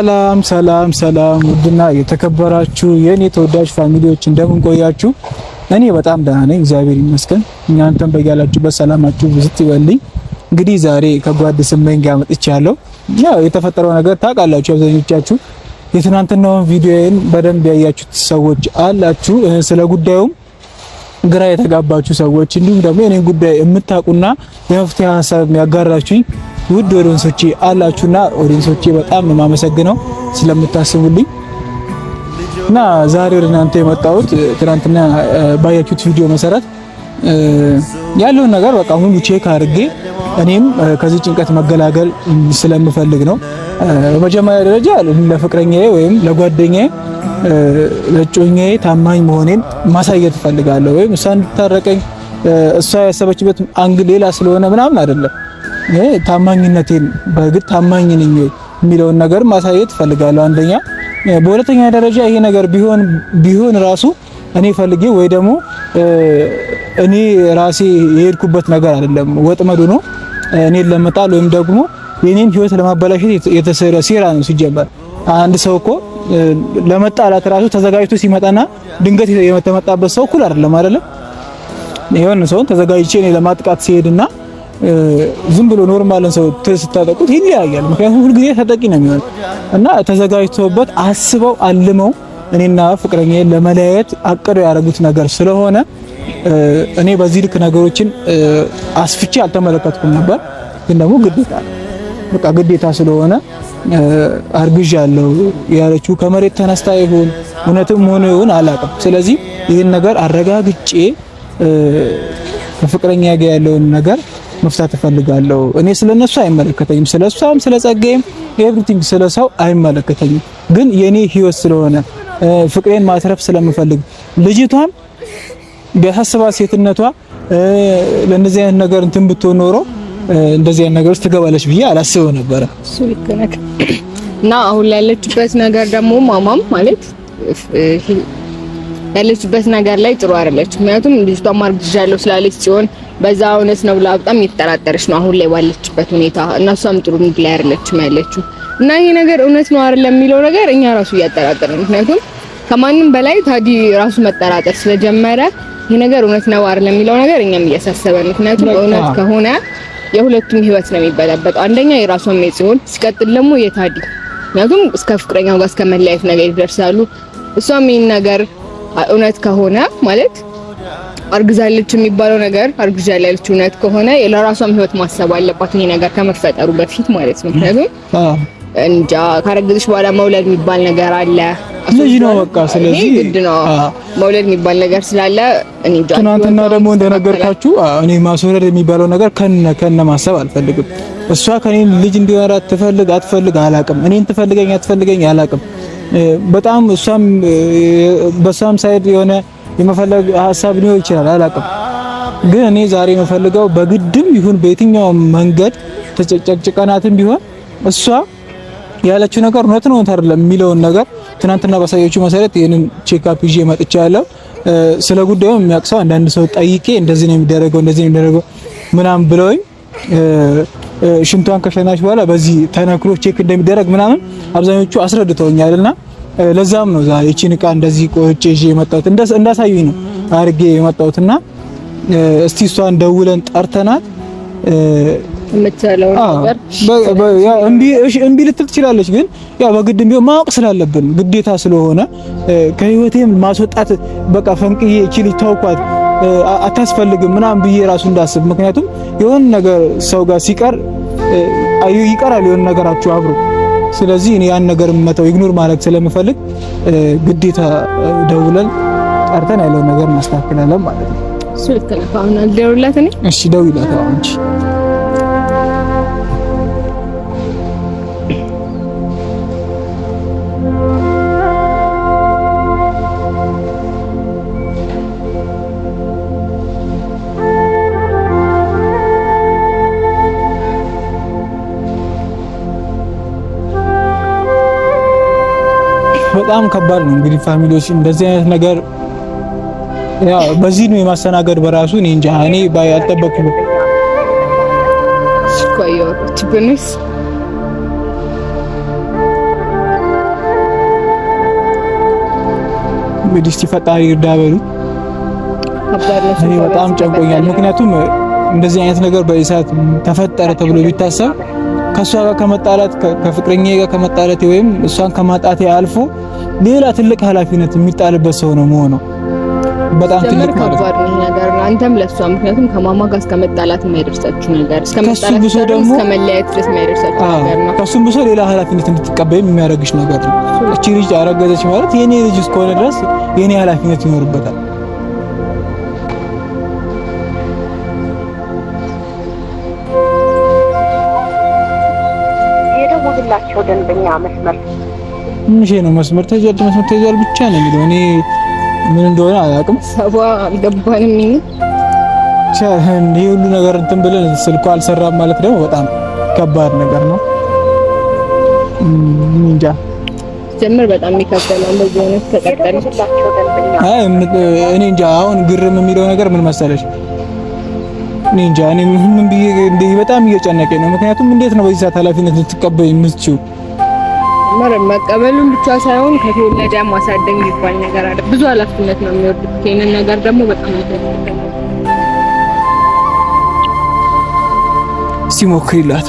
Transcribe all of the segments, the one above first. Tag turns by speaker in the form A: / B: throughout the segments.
A: ሰላም ሰላም ሰላም፣ ውድና የተከበራችሁ የኔ ተወዳጅ ፋሚሊዎች እንደምን ቆያችሁ? እኔ በጣም ደህና ነኝ፣ እግዚአብሔር ይመስገን። እናንተም በያላችሁበት ሰላማችሁ ብዝት ይበልኝ። እንግዲህ ዛሬ ከጓድ ስመኝ ጋር መጥቻለሁ። ያው የተፈጠረው ነገር ታውቃላችሁ። አብዛኞቻችሁ የትናንትናውን ቪዲዮዬን በደንብ ያያችሁት ሰዎች አላችሁ። ስለ ጉዳዩም ግራ የተጋባችሁ ሰዎች እንዲሁም ደግሞ የኔን ጉዳይ የምታውቁና የመፍትሄ ሀሳብ የሚያጋራችሁኝ ውድ ኦዲየንሶቼ አላችሁና ኦዲየንሶቼ በጣም የማመሰግነው ስለምታስቡልኝ እና ዛሬ ወደ እናንተ የመጣሁት ትናንትና ባያችሁት ቪዲዮ መሰረት ያለውን ነገር በቃ ሁሉ ቼክ አድርጌ እኔም ከዚህ ጭንቀት መገላገል ስለምፈልግ ነው። በመጀመሪያ ደረጃ ለፍቅረኛዬ ወይም ለጓደኛዬ ለጮኛዬ ታማኝ መሆኔን ማሳየት እፈልጋለሁ። ወይም እሷ እንድታረቀኝ እሷ ያሰበችበት አንግ ሌላ ስለሆነ ምናምን አይደለም። ታማኝነቴን በእርግጥ ታማኝ ነኝ የሚለውን ነገር ማሳየት እፈልጋለሁ አንደኛ። በሁለተኛ ደረጃ ይሄ ነገር ቢሆን ቢሆን ራሱ እኔ ፈልጌ ወይ ደግሞ እኔ ራሴ የሄድኩበት ነገር አይደለም፣ ወጥመዱ ነው እኔን ለመጣል ወይም ደግሞ የኔን ህይወት ለማበላሸት የተሰረ ሴራ ነው። ሲጀመር አንድ ሰው እኮ ለመጣላት ራሱ ተዘጋጅቶ ሲመጣና ድንገት የተመጣበት ሰው እኩል አይደለም አይደለ? የሆነ ሰውን ተዘጋጅቼ እኔ ለማጥቃት ሲሄድና ዝም ብሎ ኖርማልን ሰው ስታጠቁት ይለያያል። ምክንያቱም ሁልጊዜ ተጠቂ ነው የሚሆነው እና ተዘጋጅቶበት አስበው አልመው እኔና ፍቅረኛ ለመለያየት አቅደው ያደረጉት ነገር ስለሆነ እኔ በዚህ ልክ ነገሮችን አስፍቼ አልተመለከትኩም ነበር፣ ግን ደግሞ ግዴታ በቃ ግዴታ ስለሆነ አርግዥ ያለው ያለችው ከመሬት ተነስታ ይሆን እውነትም ሆኖ ይሆን አላውቅም። ስለዚህ ይህን ነገር አረጋግጬ ከፍቅረኛ ጋር ያለውን ነገር መፍታት እፈልጋለሁ። እኔ ስለነሱ አይመለከተኝም፣ ስለሷም፣ ስለጸጋዬም ኤቭሪቲንግ ስለሰው አይመለከተኝም። ግን የኔ ህይወት ስለሆነ ፍቅሬን ማትረፍ ስለምፈልግ ልጅቷም ቢያሳስባት ሴትነቷ ለእንደዚህ አይነት ነገር እንትን ብትሆን ኖሮ እንደዚህ አይነት ነገር ውስጥ ትገባለች ብዬ አላስበው ነበረ። እሱ ልክ ነህ
B: እና አሁን ላለችበት ነገር ደግሞ ማማም ማለት ያለችበት ነገር ላይ ጥሩ አይደለች። ምክንያቱም ልጅቷ ማርግዣለሁ ስላለች ሲሆን በዛ እውነት ነው ብላ በጣም እየተጠራጠረች ነው አሁን ላይ ባለችበት ሁኔታ እና እሷም ጥሩ ምድ ላይ አይደለችም ያለችው እና ይሄ ነገር እውነት ነው አይደለም የሚለው ነገር እኛ ራሱ እያጠራጠረ ምክንያቱም ከማንም በላይ ታዲ ራሱ መጠራጠር ስለጀመረ ይሄ ነገር እውነት ነው አይደለም የሚለው ነገር እኛም እያሳሰበን ምክንያቱም እውነት ከሆነ የሁለቱም ህይወት ነው የሚበላበጠው። አንደኛ የራሷ ሜት ሲሆን ሲቀጥል ደግሞ የታዲ ምክንያቱም እስከ ፍቅረኛው ጋር እስከ መለያየት ነገር ይደርሳሉ። እሷም ይህን ነገር እውነት ከሆነ ማለት አርግዛለች የሚባለው ነገር አርግዛለች እውነት ከሆነ ለራሷም ህይወት ማሰብ አለባት፣ ይሄ ነገር ከመፈጠሩ በፊት ማለት ነው። ምክንያቱም እንጃ ካረገዘች በኋላ መውለድ የሚባል ነገር አለ
A: ልጅ ነው በቃ። ስለዚህ
B: ግድ ነው መውለድ የሚባል ነገር ስላለ
A: እኔ እንጃ። ትናንትና ደግሞ እንደነገርካችሁ እኔ ማስወለድ የሚባለው ነገር ከነ ከነ ማሰብ አልፈልግም። እሷ ከኔ ልጅ እንዲወራ ትፈልግ አትፈልግ አላቅም። እኔን ትፈልገኝ አትፈልገኝ አላቅም። በጣም እሷም በሷም ሳይድ የሆነ የመፈለግ ሀሳብ ሊሆን ይችላል አላቅም። ግን እኔ ዛሬ የምፈልገው በግድም ይሁን በየትኛው መንገድ ተጨቅጭቀናትም ቢሆን እሷ ያለችው ነገር እውነት ነው አይደለም የሚለውን ነገር ትናንትና ባሳየችው መሰረት ይህንን ቼክአፕ ይዤ መጥቻለሁ። ስለ ጉዳዩ የሚያቅሰው አንዳንድ ሰው ጠይቄ እንደዚህ ነው የሚደረገው እንደዚህ ነው የሚደረገው ምናምን ብለውኝ ሽንቷን ከሸናች በኋላ በዚህ ተነክሮ ቼክ እንደሚደረግ ምናምን አብዛኞቹ አስረድተውኛል ለዛም ነው ዛ እቺን እቃ እንደዚህ ቆጭ ይዤ የመጣሁት እንዳሳዩኝ ነው አድርጌ የመጣሁትና እስቲ እሷን ደውለን ጠርተናት የምትለው እምቢ ልትል ትችላለች፣ ግን ያው በግድ ቢሆን ማወቅ ስላለብን ግዴታ ስለሆነ ከህይወቴም ማስወጣት በቃ ፈንቅዬ እቺ ልጅ ተውኳት አታስፈልግም ምናምን ብዬ ራሱ እንዳስብ። ምክንያቱም የሆን ነገር ሰው ጋር ሲቀር ይቀራል የሆነ ነገራችሁ አብሮ ስለዚህ እኔ ያን ነገር መተው ኢግኖር ማለት ስለምፈልግ ግዴታ ደውለን ጠርተን ያለውን ነገር ማስተካከል ማለት ነው።
B: እሱ ልትልፋውና ደውላት። እኔ
A: እሺ ደውላት። አሁን በጣም ከባድ ነው። እንግዲህ ፋሚሊዎች እንደዚህ አይነት ነገር ያው በዚህ ነው የማስተናገድ በራሱ እኔ እንጃ እኔ አልጠበኩም። እንግዲህ እስቲ ፈጣሪ እርዳ በሉ። እኔ በጣም ጨንቆኛል። ምክንያቱም እንደዚህ አይነት ነገር በኢሳት ተፈጠረ ተብሎ ቢታሰብ ከእሷ ጋር ከመጣላት ከፍቅረኛ ጋር ከመጣላት ወይም እሷን ከማጣት አልፎ ሌላ ትልቅ ኃላፊነት የሚጣልበት ሰው ነው መሆነው። በጣም
B: ትልቅ ከባድ ነገር ነው። አንተም ለሷ ምክንያቱም ከማማ ጋር እስከ የማይደርሳችሁ ነገር እስከመጣላት ብሶ ደግሞ እስከ ድረስ የማይደርሳችሁ
A: ነገር ነው። ከሱም ብሶ ሌላ ኃላፊነት እንድትቀበይም የሚያደርግሽ ነገር ነው። እቺ ልጅ አረገዘች ማለት የኔ ልጅ እስከሆነ ድረስ የኔ ኃላፊነት ይኖርበታል።
C: የደወሉላቸው ደንበኛ መስመር
A: ትንሽ ነው። መስመር ተይዟል፣ መስመር ተይዟል ብቻ ነው የሚለው። እኔ ምን እንደሆነ አላውቅም።
B: ሰባ አልገባንም።
A: ይሄ ሁሉ ነገር እንትን ብለን ስልኩ አልሰራም ማለት ደግሞ በጣም ከባድ ነገር ነው። እንጃ
B: ጀምር በጣም ይከብዳል። እንደዚህ አይነት ተቀጠለ።
A: አይ እኔ እንጃ። አሁን ግርም የሚለው ነገር ምን መሰለሽ እኔ እንጃ እኔ ምን ብዬ በጣም እየጨነቀኝ ነው። ምክንያቱም እንዴት ነው በዚህ ሰዓት ኃላፊነት ልትቀበይ የምትችይው
B: ሲጀመር መቀበሉን ብቻ ሳይሆን ከተወለደ ማሳደግ የሚባል ነገር አለ። ብዙ ኃላፊነት ነው የሚወርድበት። ይሄንን ነገር ደግሞ በጣም
A: ሲሞክር ይላት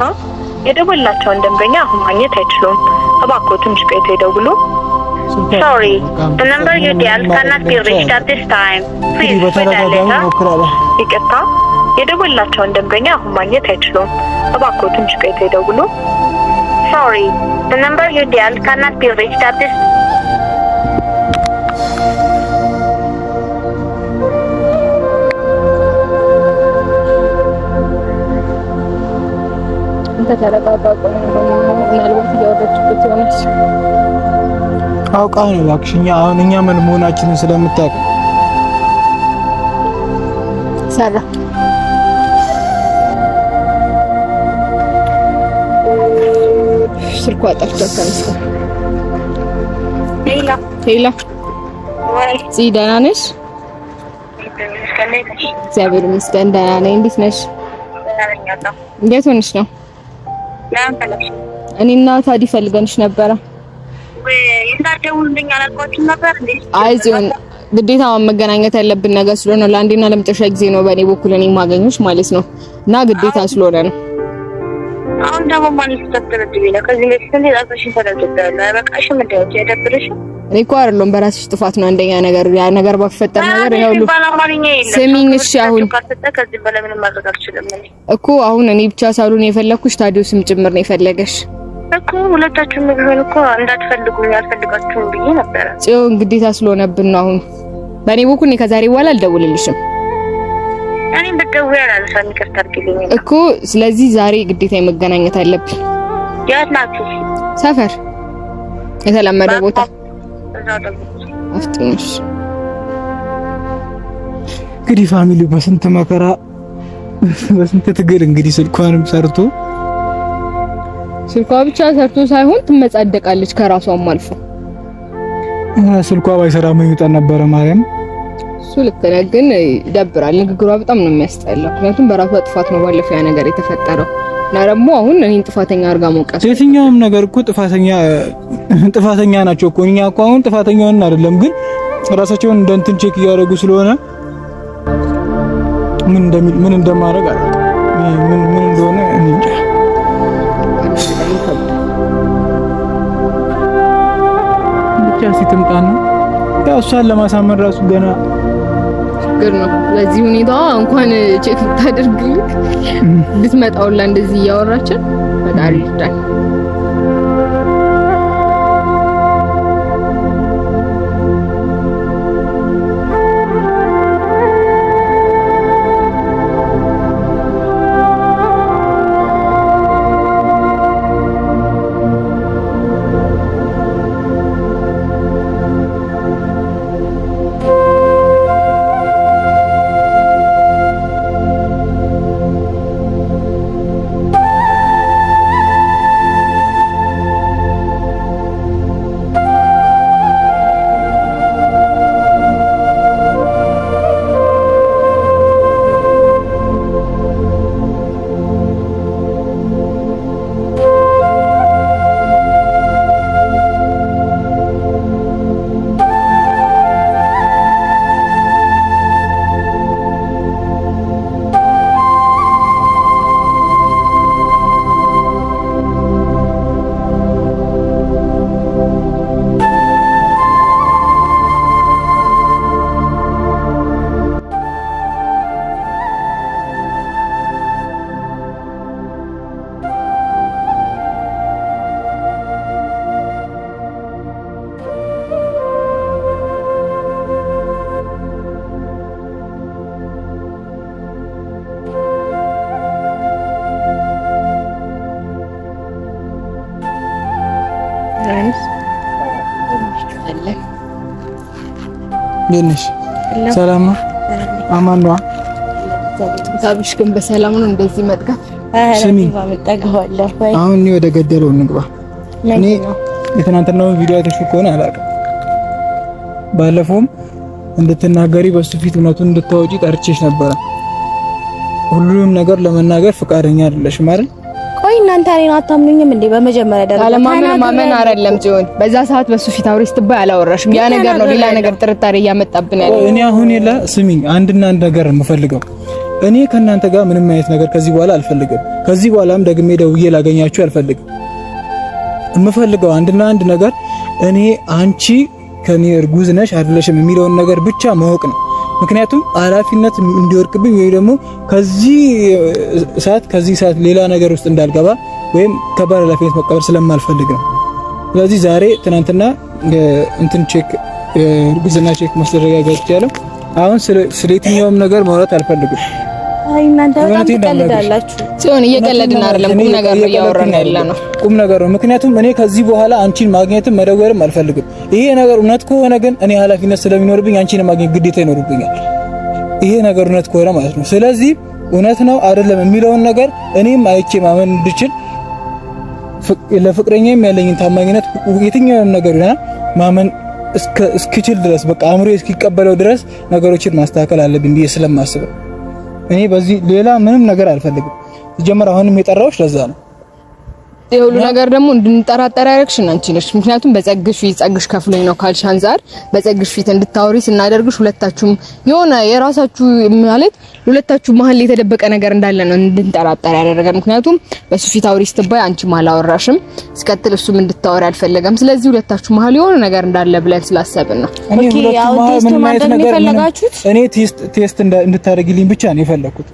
C: ካርታ የደወላቸውን ደንበኛ አሁን ማግኘት አይችሉም። እባክዎ ትንሽ ቆይቶ ይደውሉ። ሶሪ ዘ ነምበር ዩ ዲያል ካናት ቢ ሪችድ አት ዚስ ታይም ፕሊዝ ፕሊዝ ይቅርታ የደወላቸውን ደንበኛ አሁን ማግኘት አይችሉም። እባክዎ ትንሽ ይደውሉ። ሶሪ ዘ ነምበር ዩ ዲያል ካናት ቢ ሪችድ አት ዚስ
B: እናንተ ተረጋጋ። ምናልባት እያወረችበት ይሆናል።
A: አውቃ ነው እባክሽ። አሁን እኛ ምን መሆናችንን ስለምታውቅ
B: ሰራ ስልኳ ጠፍቷል። ተነስታ ደህና ነሽ? እግዚአብሔር ይመስገን ደህና ነኝ። እንዴት ነሽ? እንዴት ሆነሽ ነው? እኔ እና ታዲ ፈልገንሽ ነበረ። አይ ጽዮን፣ ግዴታ መገናኘት ያለብን ነገር ስለሆነ ለአንዴና ለመጨረሻ ጊዜ ነው በእኔ በኩል እኔ ማገኘሽ ማለት ነው እና ግዴታ ስለሆነ ነው።
C: አሁን ደግሞ ማለት ተተረድብኝ ነው ከዚህ
B: እኔ እኮ አይደለም በራስሽ ጥፋት ነው። አንደኛ ነገር ያ ነገር ባፈጠር ነገር ነው ሁሉ ስሚኝ። እሺ አሁን እኮ አሁን እኔ ብቻ ሳሉን የፈለኩሽ ታዲዮስም ጭምር ነው የፈለገሽ
C: እኮ ሁለታችሁም ቢሆን እኮ እንዳትፈልጉኝ አልፈልጋችሁም ብዬ ነበረ።
B: ጽዮን ግዴታ ስለሆነብን ነው። አሁን በእኔ በኩል ነው ከዛሬ በኋላ አልደውልልሽም።
C: እኔ ብትደውይ አላነሳም። ይቅርታ አድርጊልኝ
B: እኮ ስለዚህ ዛሬ ግዴታ መገናኘት አለብን። ያት ናችሁ ሰፈር የተለመደ ቦታ
A: እንግዲህ ፋሚሊ በስንት መከራ በስንት ትግል እንግዲህ ስልኳንም ሰርቶ
B: ስልኳ ብቻ ሰርቶ ሳይሆን ትመጻደቃለች ከራሷም አልፎ
A: ስልኳ ባይሰራ ምን ይውጣል ነበረ ማርያም
B: እሱ ልክ ነህ ግን ይደብራል ንግግሯ በጣም ነው የሚያስጠላው ምክንያቱም በራሷ ጥፋት ነው ባለፈው ያ ነገር የተፈጠረው እና ደግሞ አሁን እኔን ጥፋተኛ አድርጋ መውቀስ
A: የትኛውም ነገር እኮ ጥፋተኛ ጥፋተኛ ናቸው እኮ እኛ እኮ አሁን ጥፋተኛ ሆነን አይደለም ግን ራሳቸውን እንደ እንትን ቼክ እያደረጉ ስለሆነ ምን እንደሚል ምን እንደማደርግ ምን ምን እንደሆነ እንጃ። ብቻ ሲትምጣና ያው እሷን ለማሳመን ራሱ ገና
B: ችግር ነው። ለዚህ ሁኔታ እንኳን ቼክ ብታደርግልክ ብትመጣውላ እንደዚህ እያወራችን ፈጣሪ ይርዳል።
A: እንዴት ነሽ? ሰላም ነው? አማን ነው?
B: ታብሽ ግን በሰላም ነው እንደዚህ
A: ስሚ አሁን እኔ ወደ ገደለው እንግባ። እኔ የትናንትናውን ቪዲዮ አይተሽ ከሆነ አላውቅም። ባለፈውም እንድትናገሪ በሱ ፊት እውነቱን እንድታወጪ ጠርቼሽ ነበረ። ሁሉንም ነገር ለመናገር ፈቃደኛ አይደለሽም አይደል?
B: ቆይ እናንተ እኔን አታምኑኝም እንዴ? በመጀመሪያ ደረጃ አለማመን ማመን አይደለም ጆን፣ በዛ ሰዓት በሱ ፊት አውሬ ስትባይ አላወራሽም። ያ ነገር ነው ሌላ ነገር ጥርጣሬ እያመጣብን ያለ።
A: እኔ አሁን የለ ስሚኝ፣ አንድና አንድ ነገር የምፈልገው እኔ ከእናንተ ጋር ምንም አይነት ነገር ከዚህ በኋላ አልፈልግም። ከዚህ በኋላም ደግሜ ደውዬ ላገኛችሁ አልፈልግም። የምፈልገው አንድና አንድ ነገር እኔ አንቺ ከኔ እርጉዝ ነሽ አይደለሽም የሚለውን ነገር ብቻ ማወቅ ነው። ምክንያቱም ኃላፊነት እንዲወርቅብኝ ወይ ደግሞ ከዚህ ሰዓት ከዚህ ሰዓት ሌላ ነገር ውስጥ እንዳልገባ ወይም ከባድ ኃላፊነት መቀበል ስለማልፈልግ ነው። ስለዚህ ዛሬ ትናንትና እንትን ቼክ እርግዝና ቼክ ማስደረጋገጥ ያለው አሁን ስለየትኛውም ነገር ማውራት አልፈልግም። እናንተ ቁም ነገር ነው ምክንያቱም እኔ ከዚህ በኋላ አንቺን ማግኘትም መደወልም አልፈልግም። ይሄ ነገር እውነት ከሆነ ግን እኔ ኃላፊነት ስለሚኖርብኝ አንቺን ማግኘት ግዴታ ይኖርብኛል። ይሄ ነገር እውነት ከሆነ ማለት ነው። ስለዚህ እውነት ነው አይደለም የሚለውን ነገር እኔም አይቼ ማመን እንድችል ለፍቅረኛም ያለኝን ታማኝነት የትኛውም ነገር ማመን እስክችል ድረስ በቃ አእምሮ እስኪቀበለው ድረስ ነገሮችን ማስተካከል አለብኝ ብዬ ስለማስበው እኔ በዚህ ሌላ ምንም ነገር አልፈልግም። ጀመር አሁንም የጠራሁሽ ለዛ ነው።
B: የሁሉ ነገር ደግሞ እንድንጠራጠር ያደረግሽን አንቺ ነሽ። ምክንያቱም በጸግሽ ፊት ጸግሽ ከፍሎኝ ነው ካልሽ አንጻር በጸግሽ ፊት እንድታወሪ ስናደርግሽ ሁለታችሁም የሆነ የራሳችሁ ማለት ሁለታችሁ መሀል የተደበቀ ነገር እንዳለ ነው እንድንጠራጠር ያደረገን። ምክንያቱም በሱ ፊት አውሪ ስትባይ አንቺም አላወራሽም ሲቀጥል እሱም እንድታወሪ አልፈለገም። ስለዚህ ሁለታችሁ መሀል የሆነ ነገር እንዳለ ብለን ስላሰብን ነው። እኔ ቴስት እንድታደርግልኝ ብቻ ነው የፈለኩት።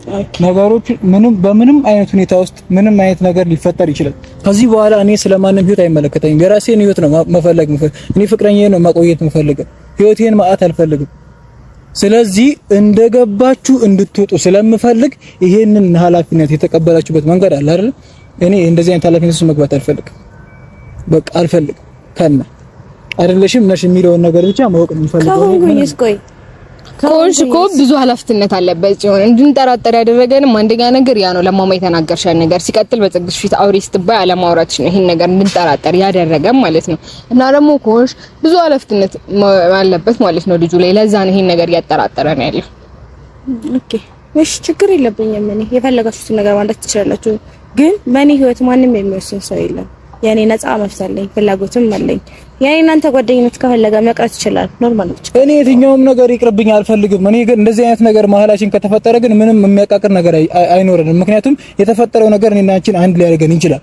B: ነገሮች ምንም በምንም አይነት ሁኔታ ውስጥ ምንም አይነት ነገር ሊፈጠር ይችላል። ከዚህ በኋላ እኔ ስለማንም ህይወት አይመለከተኝም። የራሴን ህይወት ነው መፈለግ የምፈልግ። እኔ ፍቅረኛዬ ነው ማቆየት የምፈልገው። ህይወቴን ማአት አልፈልግም። ስለዚህ እንደገባችሁ እንድትወጡ ስለምፈልግ ይሄንን ኃላፊነት የተቀበላችሁበት መንገድ አለ አይደል? እኔ እንደዚህ አይነት ኃላፊነት ውስጥ መግባት አልፈልግም። በቃ አልፈልግም ከነ አይደለሽም ነሽ የሚለውን ነገር ብቻ ማወቅ እንፈልጋለን። ቆይ ከሆንሽ እኮ ብዙ ኃላፊነት አለበት ሲሆን እንድንጠራጠር ያደረገንም አንደኛ ነገር ያ ነው። ለማማ የተናገርሻል ነገር ሲቀጥል በጽግሽ ፊት አውሪ ስትባይ አለማውራትሽ ነው ይሄን ነገር እንድንጠራጠር ያደረገም ማለት ነው። እና ደግሞ ከሆንሽ ብዙ ኃላፊነት አለበት ማለት ነው ልጁ ላይ። ለዛ ነው ይሄን ነገር እያጠራጠረ ነው ያለው። ኦኬ እሺ፣ ችግር የለብኝም እኔ። የፈለጋችሁትን ነገር ማለት ትችላላችሁ፣ ግን በእኔ ህይወት ማንም የሚወስን ሰው የለም። የኔ ነፃ መፍታለኝ ፍላጎትም አለኝ። ያኔ እናንተ ጓደኝነት ከፈለገ መቅረት ይችላል። ኖርማል ብቻ እኔ የትኛውም ነገር ይቅርብኝ አልፈልግም። እኔ ግን እንደዚህ አይነት ነገር መሀላችን ከተፈጠረ ግን ምንም የሚያቃቅር ነገር አይኖረንም። ምክንያቱም የተፈጠረው ነገር እኔና አንቺን አንድ ሊያደርገን ይችላል።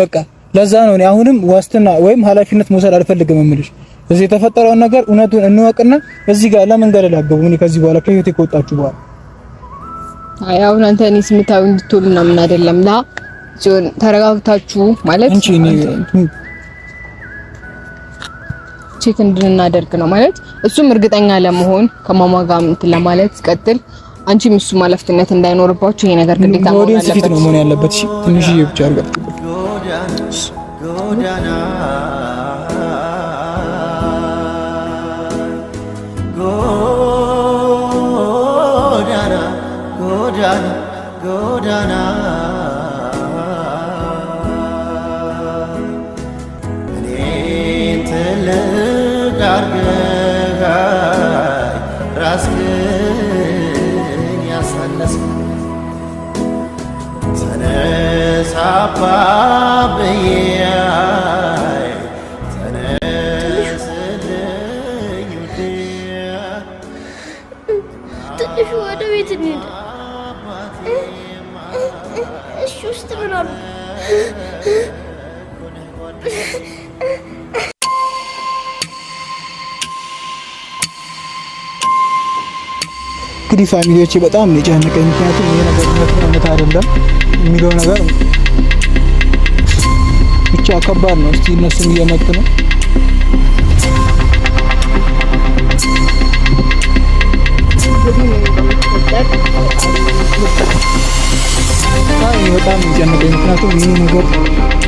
B: በቃ ለዛ ነው እኔ አሁንም ዋስትና ወይም ኃላፊነት መውሰድ አልፈልግም የምልሽ። እዚህ የተፈጠረውን ነገር እውነቱን እንወቅና እዚህ ጋር ለምን ገደል አገቡ? እኔ ከዚህ በኋላ ከህይወቴ ከወጣችሁ በኋላ አይ አሁን አንተ እኔ ስሜታዊ እንድትሆን ምናምን አይደለም ላ ጆን ተረጋግታችሁ ማለት ቼክ እንድናደርግ ነው ማለት እሱም እርግጠኛ ለመሆን ከማማ ጋር እንትን ለማለት ቀጥል አንቺ ምሱ ማለፍትነት እንዳይኖርባችሁ ይሄ ነገር ግዴታ ነው ማለት
A: ነው መሆን ያለበት። እሺ ይብቻ ብቻ ጎዳና ጎዳና ጎዳና ጎዳና ትንሽ ወደ ቤት እንሂድ። እሺ ውስጥ ምን አሉ? እንግዲህ ፋሚሊዎቼ በጣም የጨነቀኝ ምክንያቱም ይሄ ነገር እውነት አይደለም የሚለው ነገር ብቻ ከባድ ነው። እስቲ እነሱም እየመጡ ነው። በጣም የሚጨንቀኝ ምክንያቱም ይህ ነገር